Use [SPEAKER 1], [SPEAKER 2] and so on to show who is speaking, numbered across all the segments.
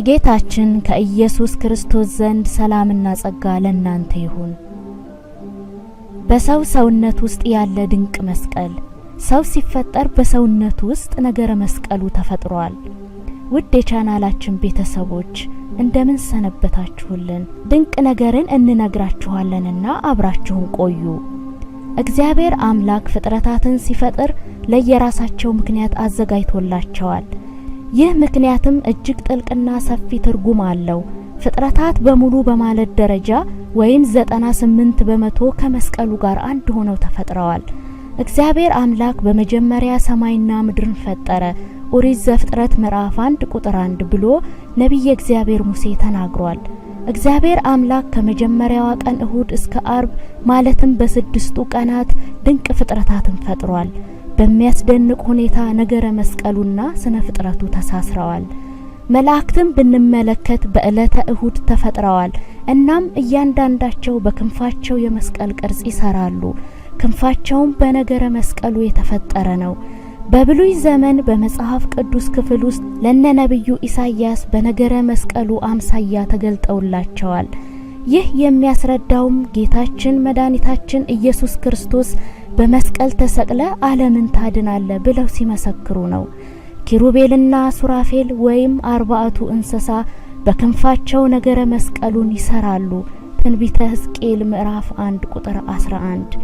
[SPEAKER 1] ከጌታችን ከኢየሱስ ክርስቶስ ዘንድ ሰላምና ጸጋ ለእናንተ ይሁን። በሰው ሰውነት ውስጥ ያለ ድንቅ መስቀል። ሰው ሲፈጠር በሰውነት ውስጥ ነገረ መስቀሉ ተፈጥሯል። ውድ የቻናላችን ቤተሰቦች እንደምን ሰነበታችሁልን? ድንቅ ነገርን እንነግራችኋለንና አብራችሁን ቆዩ። እግዚአብሔር አምላክ ፍጥረታትን ሲፈጥር ለየራሳቸው ምክንያት አዘጋጅቶላቸዋል። ይህ ምክንያትም እጅግ ጥልቅና ሰፊ ትርጉም አለው። ፍጥረታት በሙሉ በማለት ደረጃ ወይም 98 በመቶ ከመስቀሉ ጋር አንድ ሆነው ተፈጥረዋል። እግዚአብሔር አምላክ በመጀመሪያ ሰማይና ምድርን ፈጠረ፣ ኦሪት ዘፍጥረት ምዕራፍ 1 ቁጥር 1 ብሎ ነቢየ እግዚአብሔር ሙሴ ተናግሯል። እግዚአብሔር አምላክ ከመጀመሪያዋ ቀን እሁድ እስከ አርብ ማለትም በስድስቱ ቀናት ድንቅ ፍጥረታትን ፈጥሯል። በሚያስደንቅ ሁኔታ ነገረ መስቀሉና ስነ ፍጥረቱ ተሳስረዋል። መላእክትም ብንመለከት በዕለተ እሁድ ተፈጥረዋል። እናም እያንዳንዳቸው በክንፋቸው የመስቀል ቅርጽ ይሰራሉ። ክንፋቸውም በነገረ መስቀሉ የተፈጠረ ነው። በብሉይ ዘመን በመጽሐፍ ቅዱስ ክፍል ውስጥ ለነ ነቢዩ ኢሳይያስ በነገረ መስቀሉ አምሳያ ተገልጠውላቸዋል። ይህ የሚያስረዳውም ጌታችን መድኃኒታችን ኢየሱስ ክርስቶስ በመስቀል ተሰቅለ ዓለምን ታድናለ ብለው ሲመሰክሩ ነው። ኪሩቤልና ሱራፌል ወይም አርባዕቱ እንስሳ በክንፋቸው ነገረ መስቀሉን ይሰራሉ። ትንቢተ ሕዝቅኤል ምዕራፍ 1 ቁጥር 11።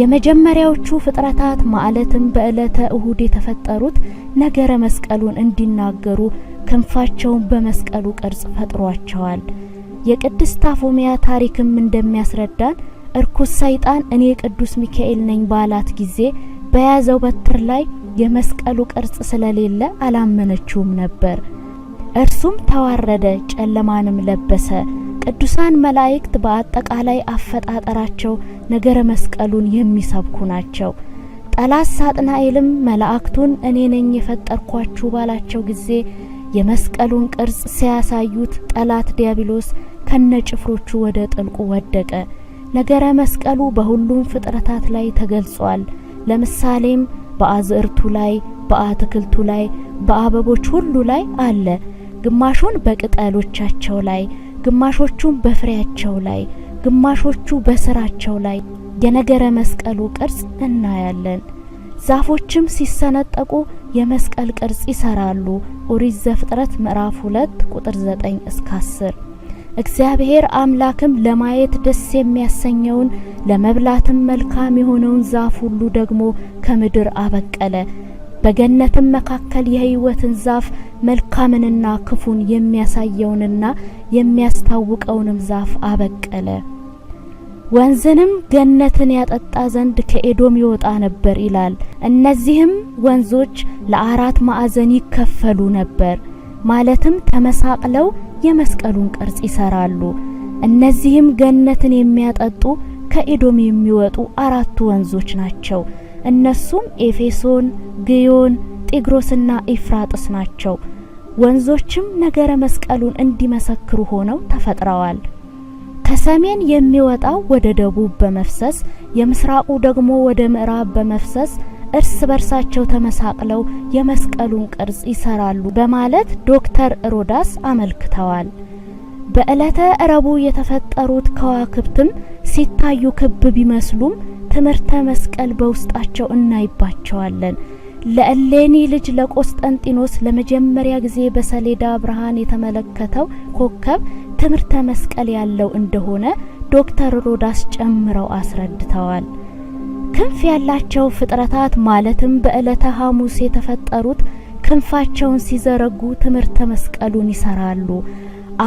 [SPEAKER 1] የመጀመሪያዎቹ ፍጥረታት ማለትም በዕለተ እሁድ የተፈጠሩት ነገረ መስቀሉን እንዲናገሩ ክንፋቸውን በመስቀሉ ቅርጽ ፈጥሯቸዋል። የቅድስት ታፎሚያ ታሪክም እንደሚያስረዳን እርኩስ ሰይጣን እኔ ቅዱስ ሚካኤል ነኝ ባላት ጊዜ በያዘው በትር ላይ የመስቀሉ ቅርጽ ስለሌለ አላመነችውም ነበር። እርሱም ተዋረደ፣ ጨለማንም ለበሰ። ቅዱሳን መላእክት በአጠቃላይ አፈጣጠራቸው ነገረ መስቀሉን የሚሰብኩ ናቸው። ጠላት ሳጥናኤልም መላእክቱን እኔ ነኝ የፈጠርኳችሁ ባላቸው ጊዜ የመስቀሉን ቅርጽ ሲያሳዩት ጠላት ዲያብሎስ ከነ ጭፍሮቹ ወደ ጥልቁ ወደቀ። ነገረ መስቀሉ በሁሉም ፍጥረታት ላይ ተገልጿል። ለምሳሌም በአዝእርቱ ላይ፣ በአትክልቱ ላይ፣ በአበቦች ሁሉ ላይ አለ። ግማሹን በቅጠሎቻቸው ላይ፣ ግማሾቹን በፍሬያቸው ላይ፣ ግማሾቹ በስራቸው ላይ የነገረ መስቀሉ ቅርጽ እናያለን። ዛፎችም ሲሰነጠቁ የመስቀል ቅርጽ ይሰራሉ። ኦሪት ዘፍጥረት ምዕራፍ 2 ቁጥር 9 እስከ 10 እግዚአብሔር አምላክም ለማየት ደስ የሚያሰኘውን ለመብላትም መልካም የሆነውን ዛፍ ሁሉ ደግሞ ከምድር አበቀለ። በገነትም መካከል የሕይወትን ዛፍ መልካምንና ክፉን የሚያሳየውንና የሚያስታውቀውንም ዛፍ አበቀለ። ወንዝንም ገነትን ያጠጣ ዘንድ ከኤዶም ይወጣ ነበር ይላል። እነዚህም ወንዞች ለአራት ማዕዘን ይከፈሉ ነበር ማለትም ተመሳቅለው የመስቀሉን ቅርጽ ይሰራሉ። እነዚህም ገነትን የሚያጠጡ ከኤዶም የሚወጡ አራቱ ወንዞች ናቸው። እነሱም ኤፌሶን፣ ግዮን፣ ጢግሮስና ኤፍራጥስ ናቸው። ወንዞችም ነገረ መስቀሉን እንዲመሰክሩ ሆነው ተፈጥረዋል። ከሰሜን የሚወጣው ወደ ደቡብ በመፍሰስ የምስራቁ ደግሞ ወደ ምዕራብ በመፍሰስ እርስ በርሳቸው ተመሳቅለው የመስቀሉን ቅርጽ ይሰራሉ በማለት ዶክተር ሮዳስ አመልክተዋል። በዕለተ ረቡ የተፈጠሩት ከዋክብትም ሲታዩ ክብ ቢመስሉም ትምህርተ መስቀል በውስጣቸው እናይባቸዋለን። ለእሌኒ ልጅ ለቆስጠንጢኖስ ለመጀመሪያ ጊዜ በሰሌዳ ብርሃን የተመለከተው ኮከብ ትምህርተ መስቀል ያለው እንደሆነ ዶክተር ሮዳስ ጨምረው አስረድተዋል። ክንፍ ያላቸው ፍጥረታት ማለትም በዕለተ ሐሙስ የተፈጠሩት ክንፋቸውን ሲዘረጉ ትምህርተ መስቀሉን ይሰራሉ።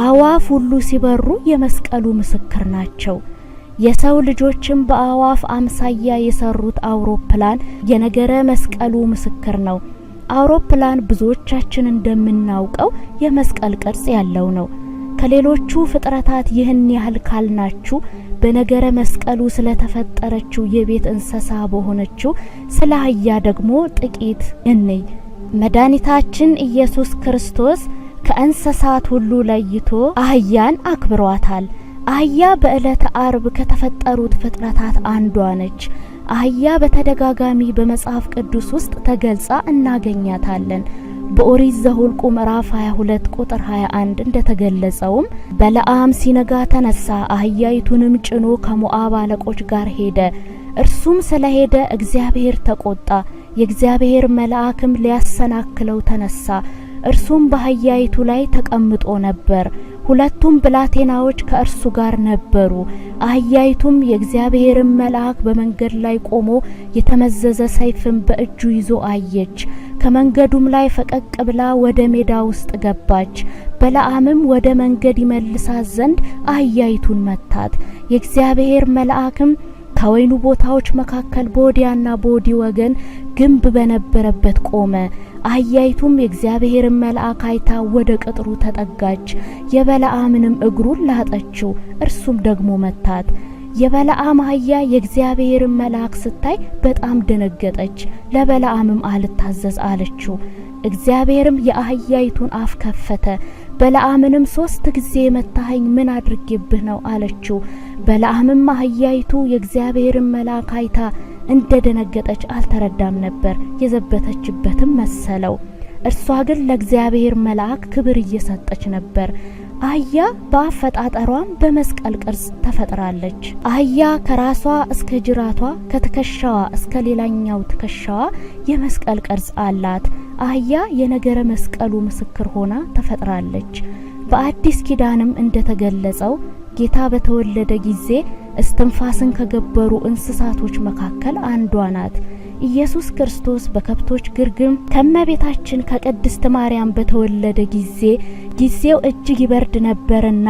[SPEAKER 1] አእዋፍ ሁሉ ሲበሩ የመስቀሉ ምስክር ናቸው። የሰው ልጆችም በአዋፍ አምሳያ የሰሩት አውሮፕላን የነገረ መስቀሉ ምስክር ነው። አውሮፕላን ብዙዎቻችን እንደምናውቀው የመስቀል ቅርጽ ያለው ነው። ከሌሎቹ ፍጥረታት ይህን ያህል ካልናችሁ በነገረ መስቀሉ ስለተፈጠረችው የቤት እንስሳ በሆነችው ስለ አህያ ደግሞ ጥቂት እንይ። መድኃኒታችን ኢየሱስ ክርስቶስ ከእንስሳት ሁሉ ለይቶ አህያን አክብሯታል። አህያ በዕለተ አርብ ከተፈጠሩት ፍጥረታት አንዷ ነች። አህያ በተደጋጋሚ በመጽሐፍ ቅዱስ ውስጥ ተገልጻ እናገኛታለን። በኦሪት ዘኍልቍ ምዕራፍ 22 ቁጥር 21 እንደተገለጸውም በለዓም ሲነጋ ተነሳ፣ አህያይቱንም ጭኖ ከሞዓብ አለቆች ጋር ሄደ። እርሱም ስለሄደ እግዚአብሔር ተቆጣ፣ የእግዚአብሔር መልአክም ሊያሰናክለው ተነሳ። እርሱም በአህያይቱ ላይ ተቀምጦ ነበር። ሁለቱም ብላቴናዎች ከእርሱ ጋር ነበሩ። አህያይቱም የእግዚአብሔርን መልአክ በመንገድ ላይ ቆሞ የተመዘዘ ሰይፍን በእጁ ይዞ አየች። ከመንገዱም ላይ ፈቀቅ ብላ ወደ ሜዳ ውስጥ ገባች። በለዓምም ወደ መንገድ ይመልሳት ዘንድ አህያይቱን መታት። የእግዚአብሔር መልአክም ከወይኑ ቦታዎች መካከል በወዲያና በወዲ ወገን ግንብ በነበረበት ቆመ። አህያይቱም የእግዚአብሔርን መልአክ አይታ ወደ ቅጥሩ ተጠጋች። የበለዓምንም እግሩን ላጠችው፣ እርሱም ደግሞ መታት። የበለዓም አህያ የእግዚአብሔርን መልአክ ስታይ በጣም ደነገጠች፣ ለበለዓምም አልታዘዝ አለችው። እግዚአብሔርም የአህያይቱን አፍ ከፈተ። በለዓምንም ሶስት ጊዜ መታኸኝ ምን አድርጌብህ ነው አለችው። በለዓምም አህያይቱ የእግዚአብሔርን መልአክ አይታ እንደ ደነገጠች አልተረዳም ነበር፣ የዘበተችበትም መሰለው። እርሷ ግን ለእግዚአብሔር መልአክ ክብር እየሰጠች ነበር። አህያ በአፈጣጠሯም በመስቀል ቅርጽ ተፈጥራለች። አህያ ከራሷ እስከ ጅራቷ ከትከሻዋ እስከ ሌላኛው ትከሻዋ የመስቀል ቅርጽ አላት። አህያ የነገረ መስቀሉ ምስክር ሆና ተፈጥራለች። በአዲስ ኪዳንም እንደተገለጸው ጌታ በተወለደ ጊዜ እስትንፋስን ከገበሩ እንስሳቶች መካከል አንዷ ናት። ኢየሱስ ክርስቶስ በከብቶች ግርግም ከመቤታችን ከቅድስት ማርያም በተወለደ ጊዜ ጊዜው እጅግ ይበርድ ነበርና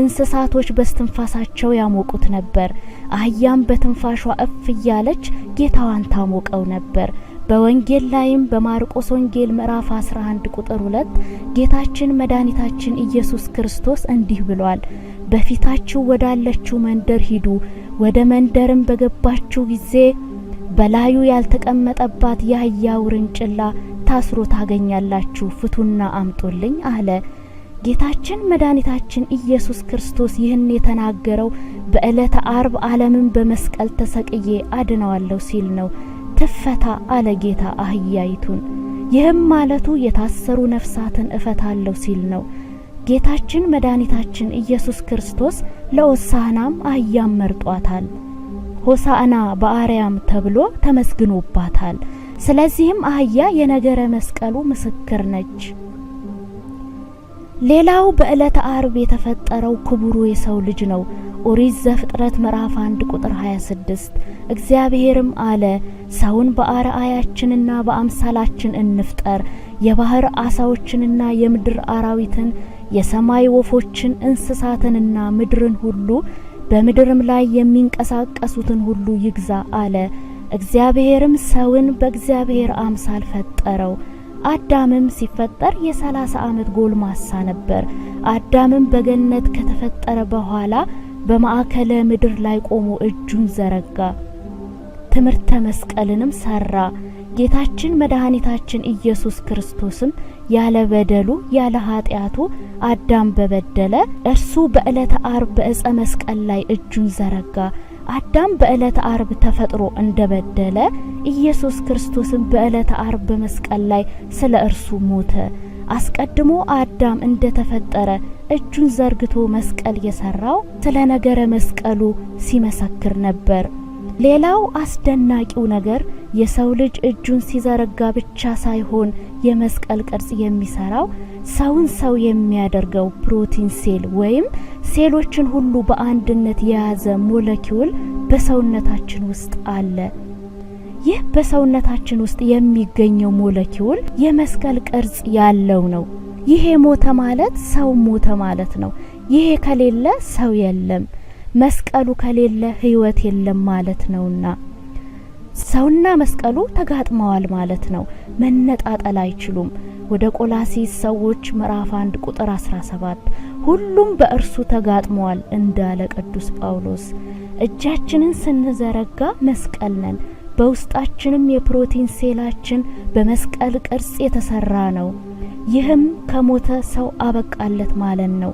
[SPEAKER 1] እንስሳቶች በስትንፋሳቸው ያሞቁት ነበር። አህያም በትንፋሿ እፍ እያለች ጌታዋን ታሞቀው ነበር። በወንጌል ላይም በማርቆስ ወንጌል ምዕራፍ 11 ቁጥር 2 ጌታችን መድኃኒታችን ኢየሱስ ክርስቶስ እንዲህ ብሏል፣ በፊታችሁ ወዳለችው መንደር ሂዱ። ወደ መንደርም በገባችሁ ጊዜ በላዩ ያልተቀመጠባት የአህያ ውርንጭላ ታስሮ ታገኛላችሁ፣ ፍቱና አምጡልኝ አለ። ጌታችን መድኃኒታችን ኢየሱስ ክርስቶስ ይህን የተናገረው በዕለተ አርብ ዓለምን በመስቀል ተሰቅዬ አድነዋለሁ ሲል ነው። ትፈታ አለ ጌታ አህያይቱን። ይህም ማለቱ የታሰሩ ነፍሳትን እፈታለሁ ሲል ነው። ጌታችን መድኃኒታችን ኢየሱስ ክርስቶስ ለሆሳዕናም አህያም መርጧታል። ሆሳዕና በአርያም ተብሎ ተመስግኖባታል። ስለዚህም አህያ የነገረ መስቀሉ ምስክር ነች። ሌላው በዕለተ አርብ የተፈጠረው ክቡሩ የሰው ልጅ ነው። ኦሪት ዘፍጥረት ምዕራፍ 1 ቁጥር 26 እግዚአብሔርም አለ ሰውን በአርአያችንና በአምሳላችን እንፍጠር፣ የባህር አሳዎችንና የምድር አራዊትን፣ የሰማይ ወፎችን፣ እንስሳትንና ምድርን ሁሉ በምድርም ላይ የሚንቀሳቀሱትን ሁሉ ይግዛ አለ። እግዚአብሔርም ሰውን በእግዚአብሔር አምሳል ፈጠረው። አዳምም ሲፈጠር የሰላሳ ዓመት ጎልማሳ ነበር። አዳምም በገነት ከተፈጠረ በኋላ በማዕከለ ምድር ላይ ቆሞ እጁን ዘረጋ፣ ትምህርተ መስቀልንም ሰራ። ጌታችን መድኃኒታችን ኢየሱስ ክርስቶስም ያለ በደሉ ያለ ኃጢአቱ አዳም በበደለ እርሱ በዕለተ አርብ በእጸ መስቀል ላይ እጁን ዘረጋ። አዳም በዕለተ አርብ ተፈጥሮ እንደበደለ ኢየሱስ ክርስቶስም በዕለተ አርብ በመስቀል ላይ ስለ እርሱ ሞተ። አስቀድሞ አዳም እንደተፈጠረ እጁን ዘርግቶ መስቀል የሰራው ስለ ነገረ መስቀሉ ሲመሰክር ነበር። ሌላው አስደናቂው ነገር የሰው ልጅ እጁን ሲዘረጋ ብቻ ሳይሆን የመስቀል ቅርጽ የሚሰራው ሰውን ሰው የሚያደርገው ፕሮቲን ሴል ወይም ሴሎችን ሁሉ በአንድነት የያዘ ሞለኪውል በሰውነታችን ውስጥ አለ። ይህ በሰውነታችን ውስጥ የሚገኘው ሞለኪውል የመስቀል ቅርጽ ያለው ነው። ይሄ ሞተ ማለት ሰው ሞተ ማለት ነው። ይሄ ከሌለ ሰው የለም። መስቀሉ ከሌለ ህይወት የለም ማለት ነውና ሰውና መስቀሉ ተጋጥመዋል ማለት ነው። መነጣጠል አይችሉም። ወደ ቆላሲስ ሰዎች ምዕራፍ 1 ቁጥር 17 ሁሉም በእርሱ ተጋጥመዋል እንዳለ ቅዱስ ጳውሎስ። እጃችንን ስንዘረጋ መስቀል ነን። በውስጣችንም የፕሮቲን ሴላችን በመስቀል ቅርጽ የተሰራ ነው። ይህም ከሞተ ሰው አበቃለት ማለት ነው።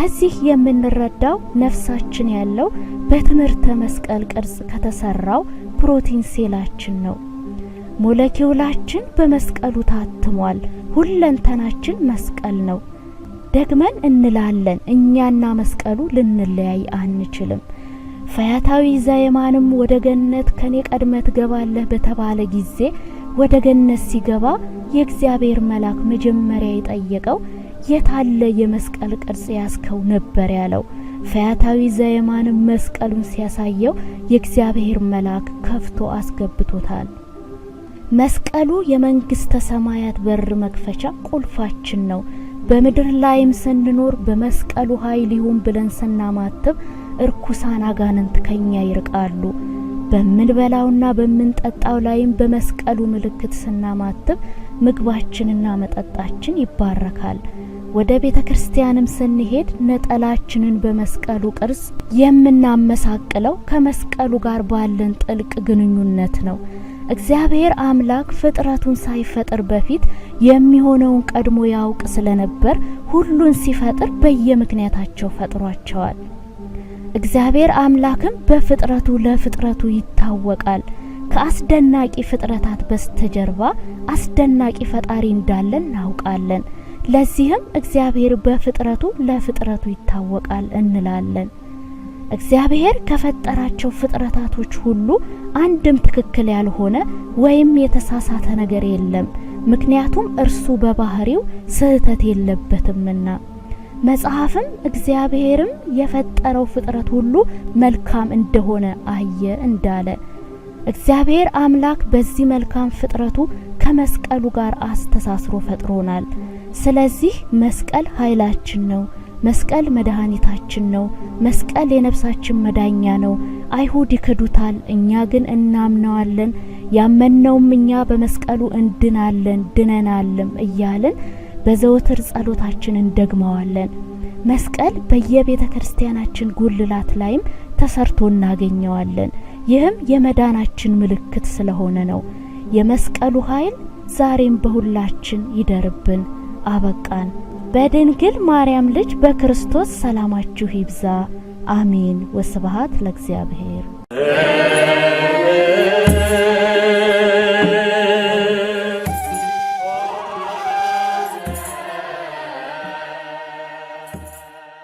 [SPEAKER 1] ከዚህ የምንረዳው ነፍሳችን ያለው በትምህርተ መስቀል ቅርጽ ከተሰራው ፕሮቲን ሴላችን ነው። ሞለኪውላችን በመስቀሉ ታትሟል። ሁለንተናችን መስቀል ነው። ደግመን እንላለን፣ እኛና መስቀሉ ልንለያይ አንችልም። ፈያታዊ ዘየማንም ወደ ገነት ከኔ ቀድመ ትገባለህ በተባለ ጊዜ ወደ ገነት ሲገባ የእግዚአብሔር መልአክ መጀመሪያ የጠየቀው የታለ የመስቀል ቅርጽ ያስከው ነበር ያለው። ፈያታዊ ዘየማንም መስቀሉን ሲያሳየው የእግዚአብሔር መልአክ ከፍቶ አስገብቶታል። መስቀሉ የመንግስተ ሰማያት በር መክፈቻ ቁልፋችን ነው። በምድር ላይም ስንኖር በመስቀሉ ኃይል ይሁን ብለን ስናማትብ እርኩሳን አጋንንት ከኛ ይርቃሉ። በምንበላውና በምንጠጣው ላይም በመስቀሉ ምልክት ስናማትብ ምግባችንና መጠጣችን ይባረካል። ወደ ቤተ ክርስቲያንም ስንሄድ ነጠላችንን በመስቀሉ ቅርጽ የምናመሳቅለው ከመስቀሉ ጋር ባለን ጥልቅ ግንኙነት ነው። እግዚአብሔር አምላክ ፍጥረቱን ሳይፈጥር በፊት የሚሆነውን ቀድሞ ያውቅ ስለነበር ሁሉን ሲፈጥር በየምክንያታቸው ፈጥሯቸዋል። እግዚአብሔር አምላክም በፍጥረቱ ለፍጥረቱ ይታወቃል። ከአስደናቂ ፍጥረታት በስተጀርባ አስደናቂ ፈጣሪ እንዳለን እናውቃለን። ለዚህም እግዚአብሔር በፍጥረቱ ለፍጥረቱ ይታወቃል እንላለን። እግዚአብሔር ከፈጠራቸው ፍጥረታቶች ሁሉ አንድም ትክክል ያልሆነ ወይም የተሳሳተ ነገር የለም፣ ምክንያቱም እርሱ በባህሪው ስህተት የለበትምና። መጽሐፍም እግዚአብሔርም የፈጠረው ፍጥረት ሁሉ መልካም እንደሆነ አየ እንዳለ እግዚአብሔር አምላክ በዚህ መልካም ፍጥረቱ ከመስቀሉ ጋር አስተሳስሮ ፈጥሮናል። ስለዚህ መስቀል ኃይላችን ነው። መስቀል መድኃኒታችን ነው። መስቀል የነፍሳችን መዳኛ ነው። አይሁድ ይክዱታል፣ እኛ ግን እናምነዋለን። ያመነውም እኛ በመስቀሉ እንድናለን ድነናለም እያልን በዘወትር ጸሎታችን እንደግመዋለን። መስቀል በየቤተ ክርስቲያናችን ጉልላት ላይም ተሰርቶ እናገኘዋለን። ይህም የመዳናችን ምልክት ስለሆነ ነው። የመስቀሉ ኃይል ዛሬም በሁላችን ይደርብን። አበቃን። በድንግል ማርያም ልጅ በክርስቶስ ሰላማችሁ ይብዛ። አሜን። ወስብሐት ለእግዚአብሔር።